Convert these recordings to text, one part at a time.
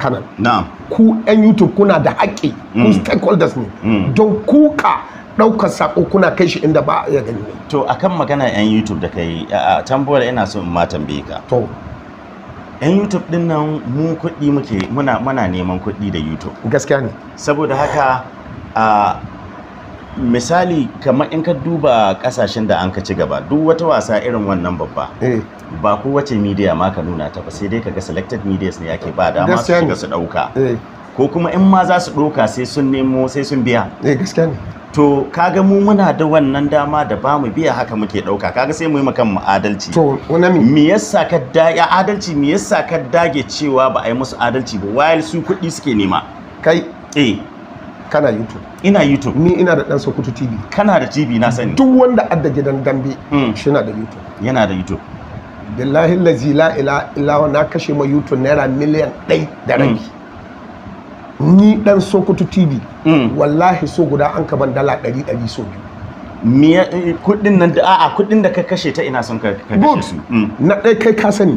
kanan ku 'yan youtube kuna da haƙƙi ku mm. stakeholders ne mm. don kuka ɗaukar sako kuna kai shi inda ba ya gani to akan magana 'yan youtube da kai a tambayar ina so in ma tambaye ka to 'yan youtube din nan mu kuɗi muke muna muna neman kuɗi da youtube gaskiya ne saboda haka a misali kamar in ka duba kasashen da an ka ci gaba duk wata wasa irin wannan babba eh. ba kowace media ma ka nuna ta ba sai dai kaga selected media ne yake ba dama su shiga su dauka eh. ko kuma in ma za su dauka sai sun nemo sai sun biya eh gaskiya ne to kaga mu muna da wannan dama da ba mu biya haka muke dauka kaga sai mu yi makan mu adalci to wannan me yasa ka da ya adalci me yasa ka dage cewa ba a yi musu adalci ba while su kuɗi suke nema kai eh kana youtube ina youtube ni ina da dan sokoto tv kana da tv na sani duk wanda adda gidan dambe hmm. shi na da youtube yana da youtube billahi lazi la ila na kashe ma youtube naira miliyan ɗai da mm. rabi ni dan sokoto tv mm. wallahi so guda an ka ban dala ɗari ɗari so biyu eh, kudin nan da a'a kudin da ka kashe ta ina son ka kashe su mm. na ɗai kai ka sani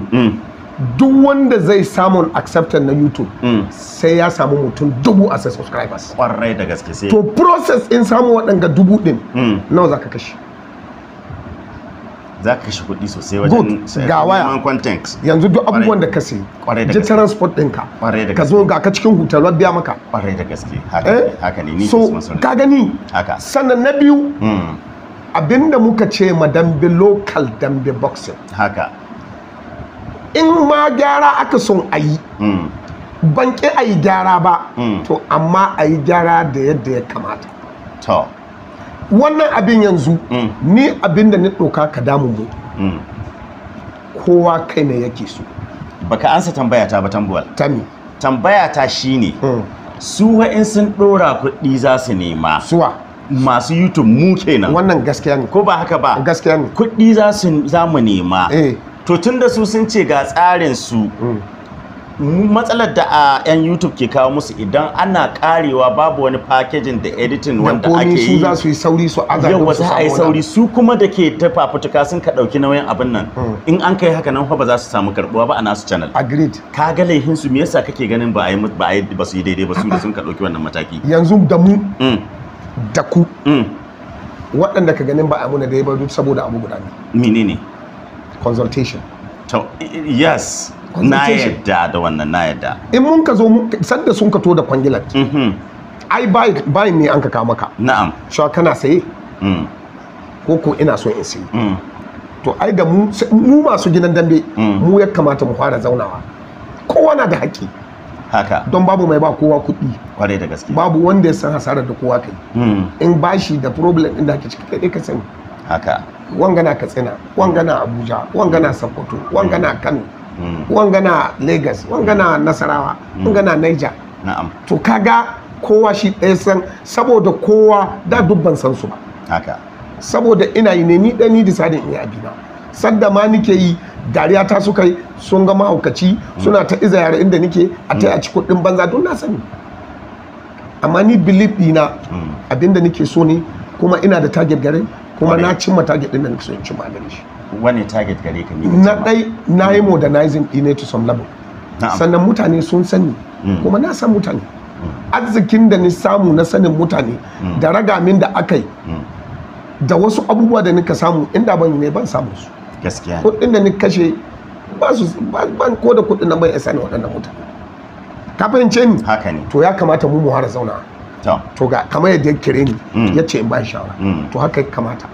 duk wanda zai samun acceptance na youtube sai ya samu mutum dubu a subscribers kwarai da gaske sai to process in samu waɗanga dubu ɗin nawa za ka kashe za ka kashe kuɗi sosai wajen ga waya content yanzu duk abubuwan da ka sai ji transport ɗinka ka zo ga ka cikin hotel wadda maka ƙwarai da gaske haka ne eh? ni so ka gani sannan na biyu hmm. abinda muka ce ma dambe local dambe boxing haka in ma gyara aka son a yi hmm. ban a yi gyara ba hmm. to amma a yi gyara da yadda ya kamata wannan abin yanzu mm. ni abin da ni ɗauka ka damu mu mm. kowa kai ne yake so baka ansa tambaya ta ba tambuwal tami tambaya ta shine mm. su wa'in sun ɗora kuɗi za su nema suwa masu youtube mu kenan wannan gaskiya ne ko ba haka ba gaskiya ne kuɗi za mu nema eh. to tun da su sun ce ga tsarin su matsalar da a yan youtube ke kawo musu idan ana karewa babu wani packaging da editing wanda ake yi su za su yi sauri su aza yawa wasu a yi sauri su kuma da ke ta fafutuka sun ka dauki nauyin abin nan hmm. in an kai haka nan ba za su samu karbuwa ba a nasu channel agreed ka ga laihin su me yasa kake ganin ba a yi ba a yi ba su yi daidai ba su da sun ka dauki wannan mataki yanzu da mu hmm. da ku hmm. waɗanda ka ganin ba a muna daidai ba saboda abu guda ne menene consultation to yes na yadda da wannan na yadda in mun ka zo sadda sun ka to da kwangilat mm-hmm. ai bayin ne an ka kama ka. na'am shawa kana saye mm. ko ko ina so in sayi mm. to ai da mu masu gidan dambe mm. mu ya kamata mu fara zaunawa kowa na da haƙƙi haka don babu mai ba kowa kuɗi kwarai da gaske babu wanda ya san hasarar da kowa kai in bashi da problem din da ake ciki kai ka sani haka wangana katsina wangana abuja wangana sokoto wangana kano Hmm. wanga na lagos wanga na hmm. nasarawa wanga hmm. na niger na'am to kaga kowa shi ɗaya san saboda kowa da dubban san su ba saboda ina yi ne ni dan ni in yi abina sadda ma nike yi dariya ta suka yi sun ga mahaukaci suna ta iza yare inda nike a ta a ci kuɗin banza don na sani amma ni belief dina abinda nike so ne kuma ina da target gare kuma na cimma target din da nake so in cimma gare shi wani target gare ka ne na dai na yi hmm. modernizing ɗine to some level sannan mutane sun sani hmm. kuma na san mutane hmm. arzikin da ni samu na sanin mutane da ragamin da aka yi da wasu abubuwa da nika samu inda ban ne ban samu su gaskiya kudin da ni kashe ba su ban ko da kudin nan bai isa ne waɗannan mutane ka fahimce ni haka ne to ya kamata mu mu har zauna to ga kamar yadda ya kire ni ya ce in ba shawara to haka ya kamata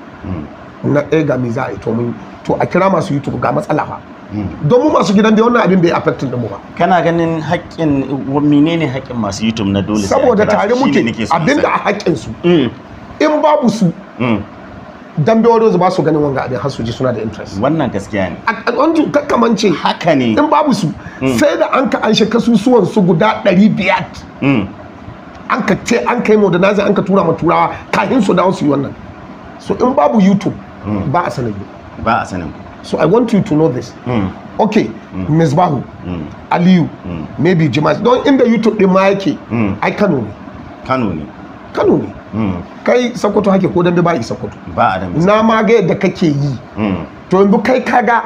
na ɗaya eh, ga me za a yi to mun to a kira masu youtube ga matsala fa hmm. don mu masu gidan da wannan abin bai affecting mu ba kana ganin haƙƙin menene haƙƙin masu youtube na dole saboda tare muke abinda a haƙƙin su hmm. in babu su hmm. dambe wani ba su ganin wanga abin har su ji suna da interest wannan gaskiya ne a wanju kakkamance haka ne in babu su sai da an ka an shi kasusuwan su guda 500 an ka ce an kai modernizing an ka tura ma turawa kafin su dawo su yi wannan so in babu youtube Hmm. ba a sanin ba a sanin so i want you to know this hmm. okay hmm. misbahu aliyu maybe jimas don inda youtube din ma yake ai kano ne kano ne kano ne kai sokoto hake ko dambe ba yi sokoto ba a dambe na ma ga yadda kake yi to yanzu kai kaga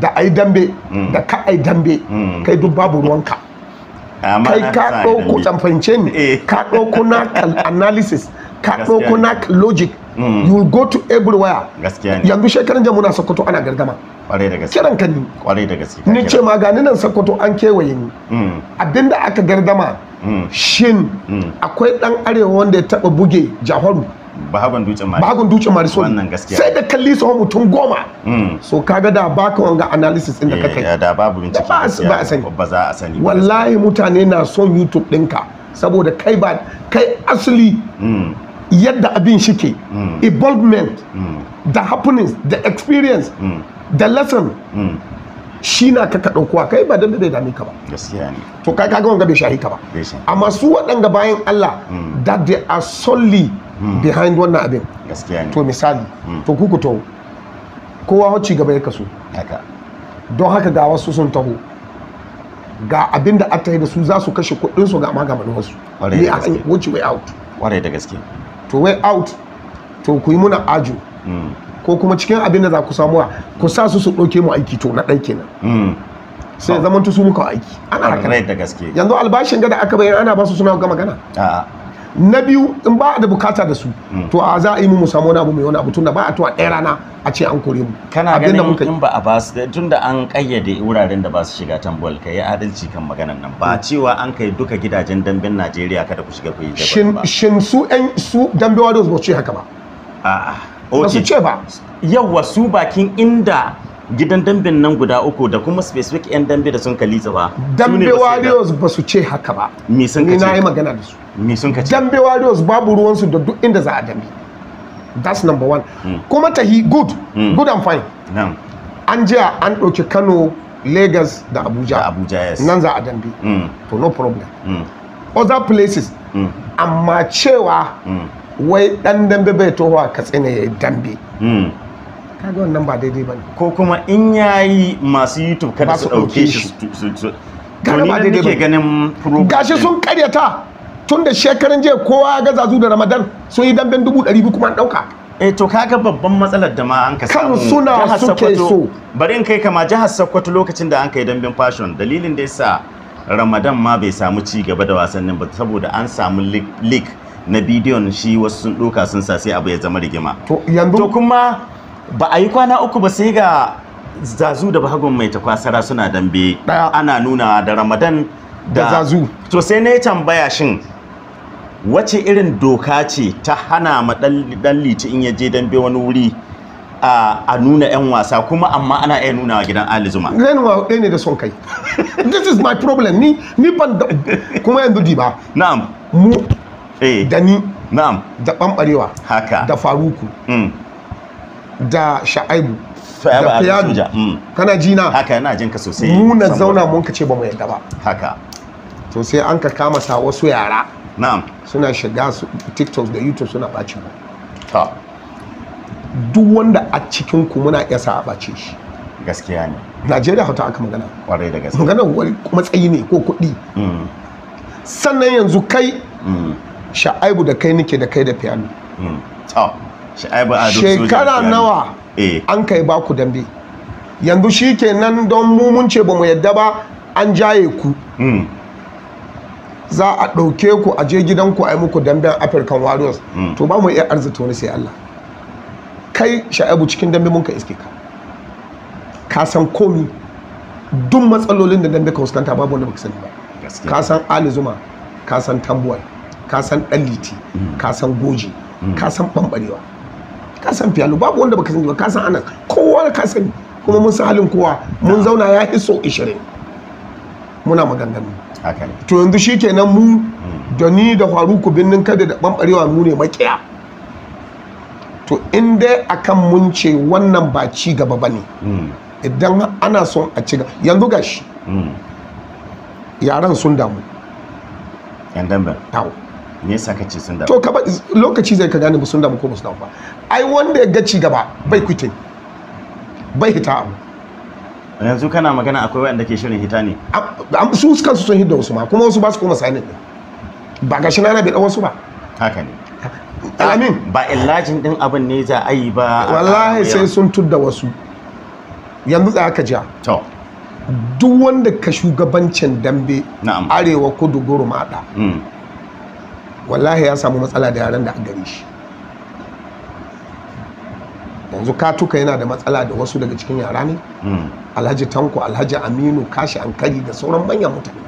da ai dambe da ka ai dambe kai duk babu ruwanka kai ka ɗauko tamfance ne eh. ka ɗauko na analysis ka ɗauko na logic Hmm. you will go to everywhere gaskiya ne yanzu shekaran jamu na sokoto ana gargama kwarai da gaske kiran ka ni kwarai da gaske ni ce ma ga ni nan sokoto an kewaye ni hmm. abinda aka gargama hmm. shin akwai dan arewa wanda ya taba buge jahoru bahagon dutsen mari bahagon dutsen mari so wannan gaskiya sai da kalli su mutum goma so kaga da baka wanga analysis din da kake eh, da babu bincike ba a sani ba za a sani wallahi mutane na son youtube dinka saboda kai ba kai asali yadda abin shike hmm. involvement hmm. The happenings the experience hmm. The lesson shi na ka ɗaukuwa kai ba dan da dame ka ba to kai kaga wanga bai shahi ka ba amma su waɗanga bayan Allah that they are solely behind wannan abin to misali to kuku to kowa wacce gaba ya kaso don haka ga wasu sun taho ga abin da aka yi da su za su kashe kuɗinsu ga maganin wasu ne a wuce way out ƙwarai da gaske to way out to ku yi muna ajo mm. ko kuma cikin abin da za ku samuwa ku sa su su ɗauke mu aiki to na ɗan kenan mm. sai zaman su muka aiki ana haka da gaske yanzu albashin gada aka bayyana ana ba su suna ga magana na biyu in ba da bukata da su hmm. to a za a yi mu samu wani abu mai wani abu tunda ba a tuwa ɗaya rana a ce an kore mu kana ganin in ba a ba su tun da an kayyade wuraren da ba su shiga tambol ka yi adalci kan maganan nan ba hmm. cewa an kai duka gidajen damben Najeriya kada ku shiga ku yi ba shin su ɗan su dambe wados su ce haka ba a'a ba su ce ba yau su bakin inda gidan damben nan guda uku da kuma specific yan dambe da sun kali ba dambe warriors ba su ce haka ba me sun kace ni na yi magana da su me sun kace dambe warriors babu ruwansu da duk inda za a dambe that's number one mm. kuma tahi good mm. good and fine no. an jiya an ɗauki kano lagos da abuja abuja yes nan za a dambe mm. to no problem hmm. other places hmm. amma cewa hmm. wai dan dambe bai tohowa katsina ya yi dambe ba daidai ko kuma in yayi masu youtube kada su dauke shi to ni ne nake ganin program gashi sun karyata tun da shekarun jiya kowa ga zazu da ramadan sun yi damben dubu ɗari biyu kuma an ɗauka eh to kaga babban matsalar da ma an ka samu kan suna suke so bari in kai kama jihar sokoto lokacin da an kai damben fashion dalilin da yasa ramadan ma bai samu ci gaba da wasannin ba saboda an samu leak na bidiyon shi wasu sun doka sun sa sai abu ya zama rigima to kuma ba a yi kwana uku ba sai ga zazu da bahagon mai takwasara suna dambe ana nuna da ramadan da zazu to sai na yi tambaya shin wace irin doka ce ta hana ma dan liti in ya je dambe wani wuri a nuna 'yan wasa kuma amma ana iya nuna wa gidan alizuma. zai nuna wa ɗaya ne da son kai. This is my problem ni ni ban da kuma yanzu di ba. Na'am. Mu eh. da ni. Na'am. Da ɓamɓarewa. Haka. Da faruku. Mm. da sha'aibu da fiyadu mm. kana ji na haka yana jin ka sosai mu na zauna mun ka ce ba mu yadda ba haka to sai an ka kama sa wasu yara na'am suna shiga su tiktok da youtube suna ɓaci mu ta duk wanda a cikin ku muna iya sa a bace shi gaskiya ne najeriya hauta aka magana kwarai da gaskiya magana matsayi ne ko kuɗi mm. sannan yanzu kai mm. sha'aibu da kai nike da kai da fiyadu shekara nawa eh. an kai baku dambe yanzu shi kenan don mu ce ba mu yadda ba an jaye ku hmm. za a ɗauke ku a je gidanku a yi muku damben african warriors hmm. to ba mu iya arzita wani sai allah kai sha'abu cikin dambe mun ka iske ka ka san komi duk matsalolin da dambe ka fuskanta babu wanda baka sani ba ka san ali zuma ka san tambuwal ka san ɗan hmm. ka san goji ka san ɓamɓarewa ka san fiyalo babu wanda baka sani ba ka san anan kowa ka sani kuma mun san halin kowa mun zauna ya hiso 20 muna maganganu to yanzu shikenan mu hmm. da ni da faruku binnin kada da bambarewa mu ne makiya to in dai akan mun ce wannan ba ci gaba bane hmm. idan ana son a ci gaba yanzu gashi hmm. yaran sun damu yan dambe me yasa kace sun damu to ka lokaci zai ka gane ba sun damu ko ba su damu ba ai wanda ya gaci gaba bai kuce bai hita abu yanzu kana magana akwai wanda ke shirin hita ne su kansu sun hidda wasu ma kuma wasu ba su koma ne. ba gashi na bai dan wasu ba haka ne amin ba illajin din abin ne za a yi ba wallahi sai sun tudda wasu yanzu za ka ja to duk wanda ka shugabancin dambe arewa kudu gurumada hmm. wallahi ya samu matsala da yaran da a gare shi yanzu katuka yana da matsala da wasu daga cikin yara ne hmm. alhaji tanko alhaji aminu kashi ankari da sauran manyan mutane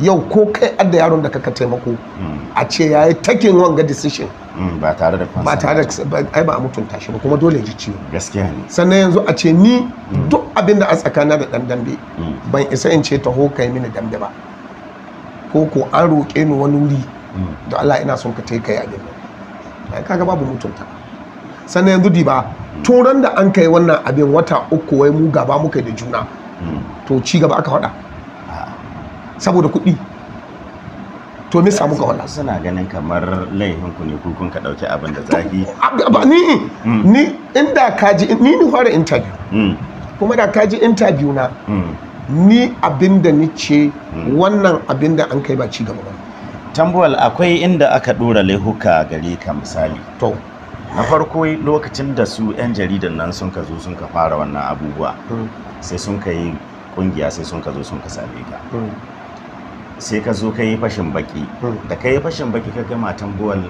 yau ko kai adda yaron da kaka taimako hmm. a ce ya yi takin wanga decision hmm, ba tare da ba tare da ai ba a mutunta shi ba kuma dole ji ciwo gaskiya ne sannan yanzu a ce ni duk abin da a tsakana da dan dambe ban isa in ce taho kai mini dambe ba ko ko an roƙe ni wani wuri da Allah ina son ka tai kai abin nan ai kaga babu mutunta sannan yanzu diba turan da an kai wannan abin wata uku wai mu gaba muka da juna to ci gaba aka faɗa saboda kuɗi to me samu ka wannan suna ganin kamar laifin ku ne ku kun ka dauki abin da zafi ni mm. ni inda kaji ni ni fara interview mm. kuma da kaji interview na mm. ni abin da ni ce wannan abin da an kai ba ci gaba ba tambuwal akwai inda aka dora laihuka gare ka misali to na farko lokacin da su 'yan jaridan nan sun ka zo sun ka fara wannan abubuwa hmm. sai sun ka yi kungiya sai sun ka zo sun ka same ka hmm. sai ka zo ka yi fashin baki hmm. da ka yi fashin baki ka gama tambuwal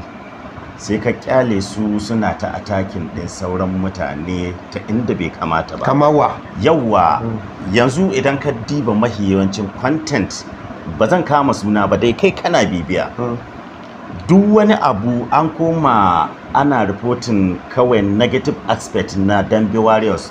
sai ka kyale su suna ta atakin din sauran mutane ta inda bai kamata ba kamawa yauwa yanzu idan ka diba mahiyawancin content ba zan kama suna ba dai kai kana bibiya duk wani abu an koma ana reporting kawai negative aspect na dambe warriors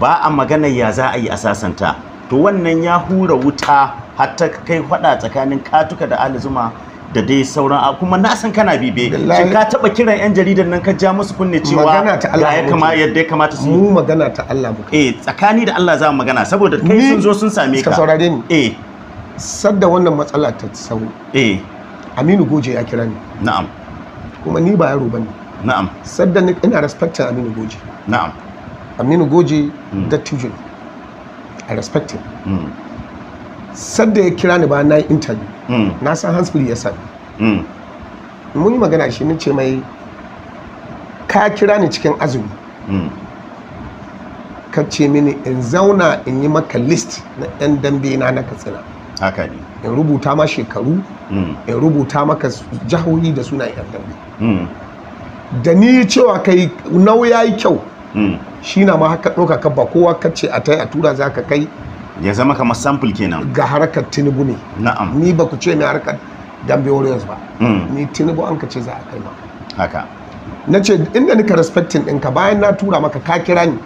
ba a magana ya za a yi asasanta to wannan ya hura wuta hatta kai hada tsakanin katuka da alizuma da dai sauran a kuma na san kana bibe shi ka taba kiran yan jaridan nan ka ja musu kunne cewa ga ya kama yadda ya kamata su mu magana ta Allah muka eh tsakani da Allah za mu magana saboda kai sun zo sun same ka saurare ni eh sadda wannan matsala ta sau eh aminu goje ya kira ni na'am kuma ni ba yaro bane na'am sadda ni ina respecting aminu goje na'am aminu goje dattijo hmm. i respect him hmm. sadda ya kira ni ba na yi interview hmm. na san free ya sani mun yi magana shi ni ce mai ka kira ni cikin azumi ka ce mini in zauna in yi maka list na 'yan dambe na na katsina haka ne in rubuta ma shekaru hmm. in rubuta maka jahohi da suna yan dambe hmm. da ni cewa kai nau ya yi kyau hmm. shi na ma haka ɗauka ka ba kowa ka ce a tai a tura za ka kai ya zama kamar sample kenan ga harkar tinubu ne na'am ni ba ku ce ni harkar dambe warriors ba ni tinubu an ka ce za a kai ma haka na ce inda nika respecting ɗinka bayan na tura maka ka kira ni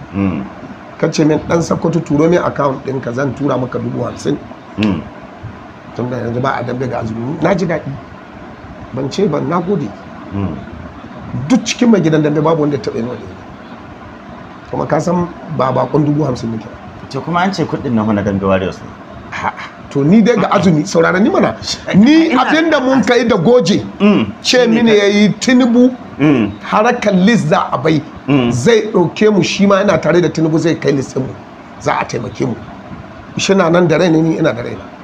ka ce min dan sakkwato turo min account ɗinka zan tura maka dubu hamsin tunda yanzu ba a dambe ga azumi na ji daɗi ban ce ban na gode hmm. duk cikin mai gidan dambe babu wanda ya taɓa yin wani kuma ka san ba bakon dubu hamsin muke ce kuma an ce kuɗin na hana dambe warriors ne to ni dai ga azumi saurara ni mana ni abinda mun kai da goje hmm. ce mini ya yi tinubu hmm. harakar list za a bai zai ɗauke mu shi ma yana tare da tinubu zai kai lissinmu za a taimake mu shi na nan da rai ne ni ina da raina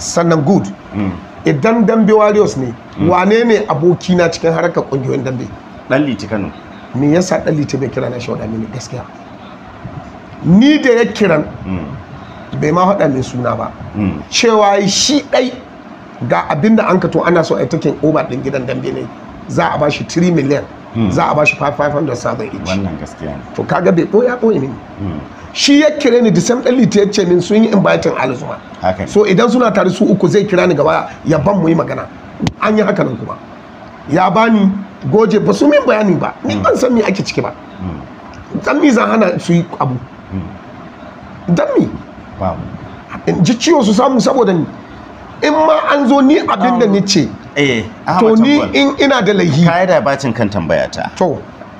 sannan good hmm. idan dambe warriors ne hmm. wane ne abokina cikin harkar kungiyoyin dambe dan liti kano me yasa dan liti bai kira na shi mini gaskiya ni da ya kiran hmm. bai ma hada min suna ba cewa shi dai ga abinda an ka to ana so a yi taken over din gidan dambe ne za a bashi 3 miliyan Hmm. za a bashi 500,000 each wannan gaskiya ne to kaga bai boya boye mini hmm. shi ya kire ni disam ɗan liti ya ce min sun yi invitin alizuma so idan suna tare su uku zai kira ni gaba ya ban mu yi magana an yi haka nan kuma ya bani goje ba su min bayani ba ni hmm. ban san me ake ciki ba dan mi zan hana su yi abu dan mi in ji ciwo su samu saboda ni in ma an zo ni abin da ni ce eh to ni in ina da laihi kai da bacin kan tambayata. ta to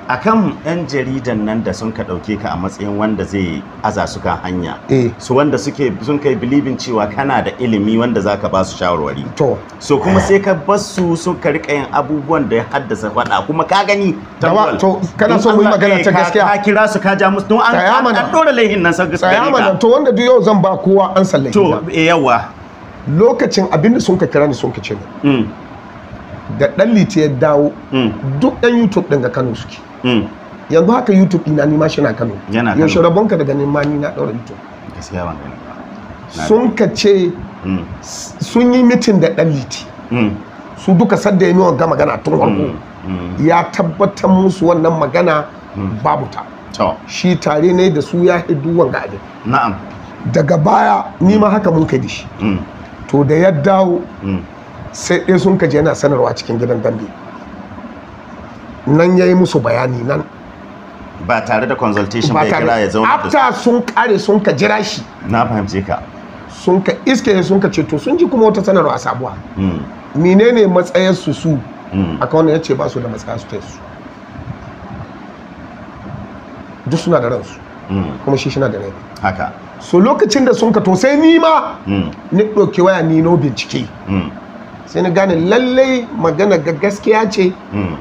akan yan jaridan nan da sun ka dauke ka a matsayin wanda zai aza su kan hanya eh. su wanda suke sun kai bilibin cewa kana da ilimi wanda zaka ba su shawarwari to so kuma eh. sai ka bar su sun ka rika yin abubuwan da ya haddasa fada kuma ka gani tabal to kana so mu yi magana ta eh, gaskiya ka kira su ka ja musu don an an dora laihin nan sai gaskiya tsaya mana to wanda duk yau zan ba kowa an sallai to yawa lokacin abinda sun ka kira ni sun ka ce ni da dan liti ya dawo mm. duk dan youtube din ga kano suke mm. yanzu haka youtube ina nima shi na kano yaushe rabonka daga nima ni na daura youtube gaskiya sun ka ce mm. sun yi mitin da dan liti su duka sadda ya miwa ga magana tun farko ya tabbatar musu wannan magana babu ta shi tare ne da su ya hidu wanga abin na'am daga baya nima haka mun kai da shi to da ya dawo sai ɗaya sun kaji yana sanarwa cikin gidan dambe nan ya yi musu bayani nan ba tare da consultation bai kira ya zauna da after sun kare sun ka jira shi na fahimce ka sun ka iske sun ka ce to sun ji kuma wata sanarwa a sabuwa hmm. menene matsayar su su hmm. kawai ya ce ba su da matsayar su su duk suna da ransu hmm. kuma shi shina da rai haka so lokacin da sun ka to sai ni ma ni ɗauki waya ni bincike sai na gane lallai magana ga gaskiya ce hmm.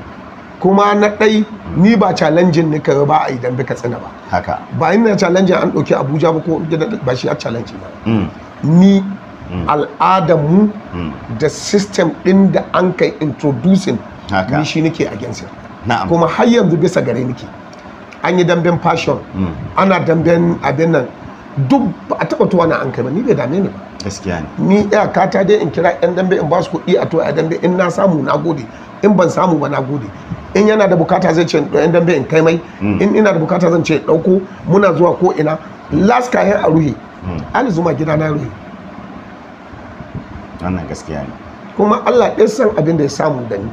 kuma na ɗai ni ba challenging ne kawai ba a idan bika tsina ba haka ba ina challenging an ɗauki abuja ba ko ba shi a challenging ba hmm. ni hmm. mu da system ɗin da an kai introducing ni shi nake against kuma har yanzu bisa gare nake an yi damben fashion ana damben abin nan duk ba a taɓa tuwa na an kai ba ni bai dame ni ba gaskiya ne ni iyaka ta dai in kira yan dambe in ba su kuɗi a to a dambe in na samu na gode in ban samu ba na gode in yana da bukata zai ce yan dambe in kai mai hmm. in ina da bukata zan ce ɗauko muna zuwa ko ina last kayan a ruhe hmm. an zuma gida na ruhe wannan gaskiya ne kuma Allah ɗaya san abin da ya samu da ni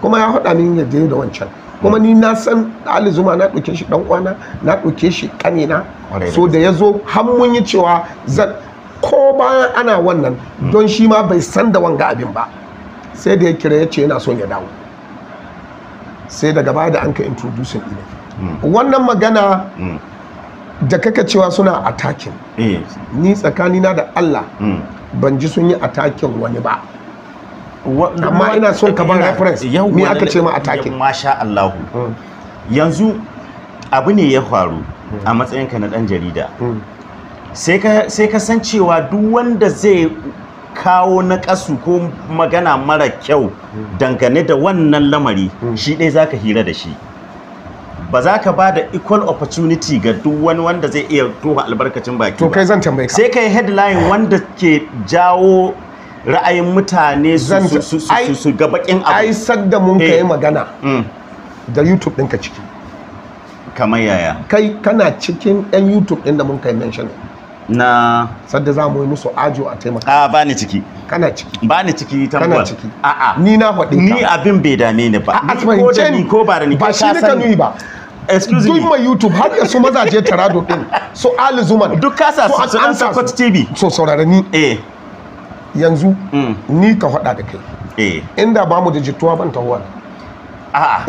kuma ya haɗa min yadda da wancan kuma ni na san Ali Zuma na ɗauke shi ɗan kwana na ɗauke shi na so da ya zo har mun yi cewa zan ko bayan ana wannan mm. don shi ma bai san da wanga abin ba sai da ya kira ya ce yana son ya dawo sai daga baya da an ka introducing ɗin mm. wannan magana mm. da kaka cewa suna attacking eh. ni tsakanina da Allah ban ji sun yi attacking wani ba amma ina son ka ban reference me aka ce ma attacking masha Allah hmm. yanzu abu ne ya faru a hmm. matsayinka na dan jarida hmm. sai ka san cewa duk wanda zai kawo na kasu ko magana mara kyau dangane da wannan lamari shi ɗaya zaka hira da shi ba za ka ba da equal opportunity ga duk wani wanda zai iya toha albarkacin baki ba sai ka sai kai headline wanda ke jawo ra'ayin mutane su ga bakin abu ai sadda mun kai eh. magana mm. da youtube ɗinka ciki kamar yaya kai kana cikin yan youtube ɗin da mun kai mention na sadda za mu yi musu ajo a taimaka a ba ni ciki kana ciki ba ni ciki ta kana ciki a a ni na faɗi ni abin bai dame ni ba ni ko da ni ko ba da ni ba shi ne ka nuyi ba excuse me mai youtube har da su mazaje tarado ɗin su ali zuman duk kasa su an sa tv so saurare ni eh yanzu mm. ni ka hada da kai eh. inda ba mu da jituwa ban tahuwa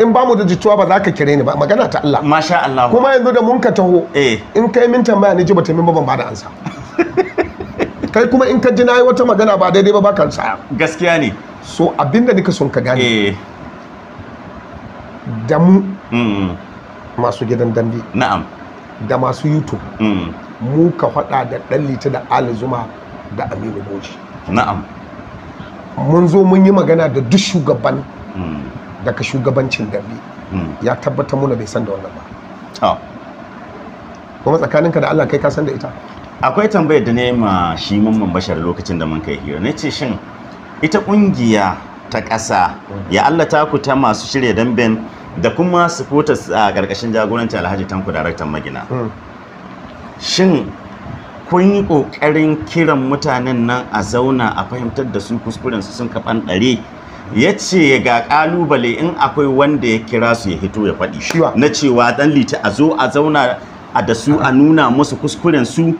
in ba mu da jituwa ba za ka kire ni ba magana ta Allah masha Allah kuma yanzu da mun ka taho eh. in kai min tambaya ni ji ba ta min ba ban ba da ansa kai kuma in ka ji na yi wata magana ba daidai ba baka sa gaskiya ne so abinda nika son ka gane eh. da mu masu gidan dambe na'am da masu youtube mm. mu ka faɗa da ɗan ta da ali zuma da aminu boji na'am mun zo mun yi magana da duk shugaban hmm. daga shugabancin dambe hmm. ya tabbata muna bai san da wannan ba kuma tsakaninka da Allah kai ka san da ita akwai tambayar da ne ma shi mun bashar lokacin da mun kai hira na ce shin ita kungiya ta ƙasa ya Allah ta ku ta masu shirya damben da kuma supporters a ƙarƙashin jagoranci alhaji tanku daraktan magina hmm. shin kun yi ƙoƙarin kiran mutanen nan a zauna a fahimtar da su kuskuren su sun kaɓan ɗare ya ce ga ƙalubale in akwai wanda ya kira su ya hito ya faɗi shi na cewa ɗan lita a zo a zauna a da su a nuna musu kuskuren su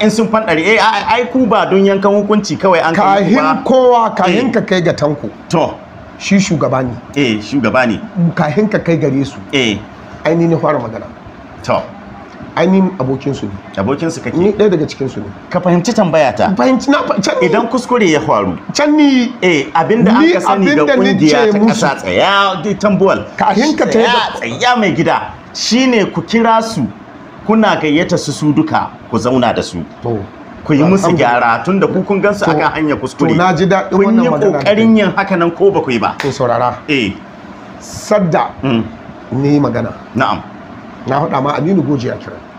in sun fan ɗari eh, ai ku ba don yankan hukunci kawai an kai ba kahin kowa eh. kahin ka kai ga tanko to shi shugaba ne eh shugaba ne kahin ka kai gare su eh ainihin fara magana to ainihin abokinsu. abokin su ne abokin su kake ni ɗaya daga cikin su ne ka fahimci tambaya ta fahimci na can idan kuskure ya faru can ni eh abinda an ka sani ga kungiya ta kasa tsaya tambuwal Ka ka ta tsaya mai gida shine ku kira su kuna gayyata su su duka ku zauna da su ku yi musu gyara tun da kun gansu akan hanya kuskure to na ji daɗin wannan magana kun yi kokarin yin haka nan ko ba ku yi ba to saurara eh sadda mm. ni magana na'am na faɗa ma aminu goji a kira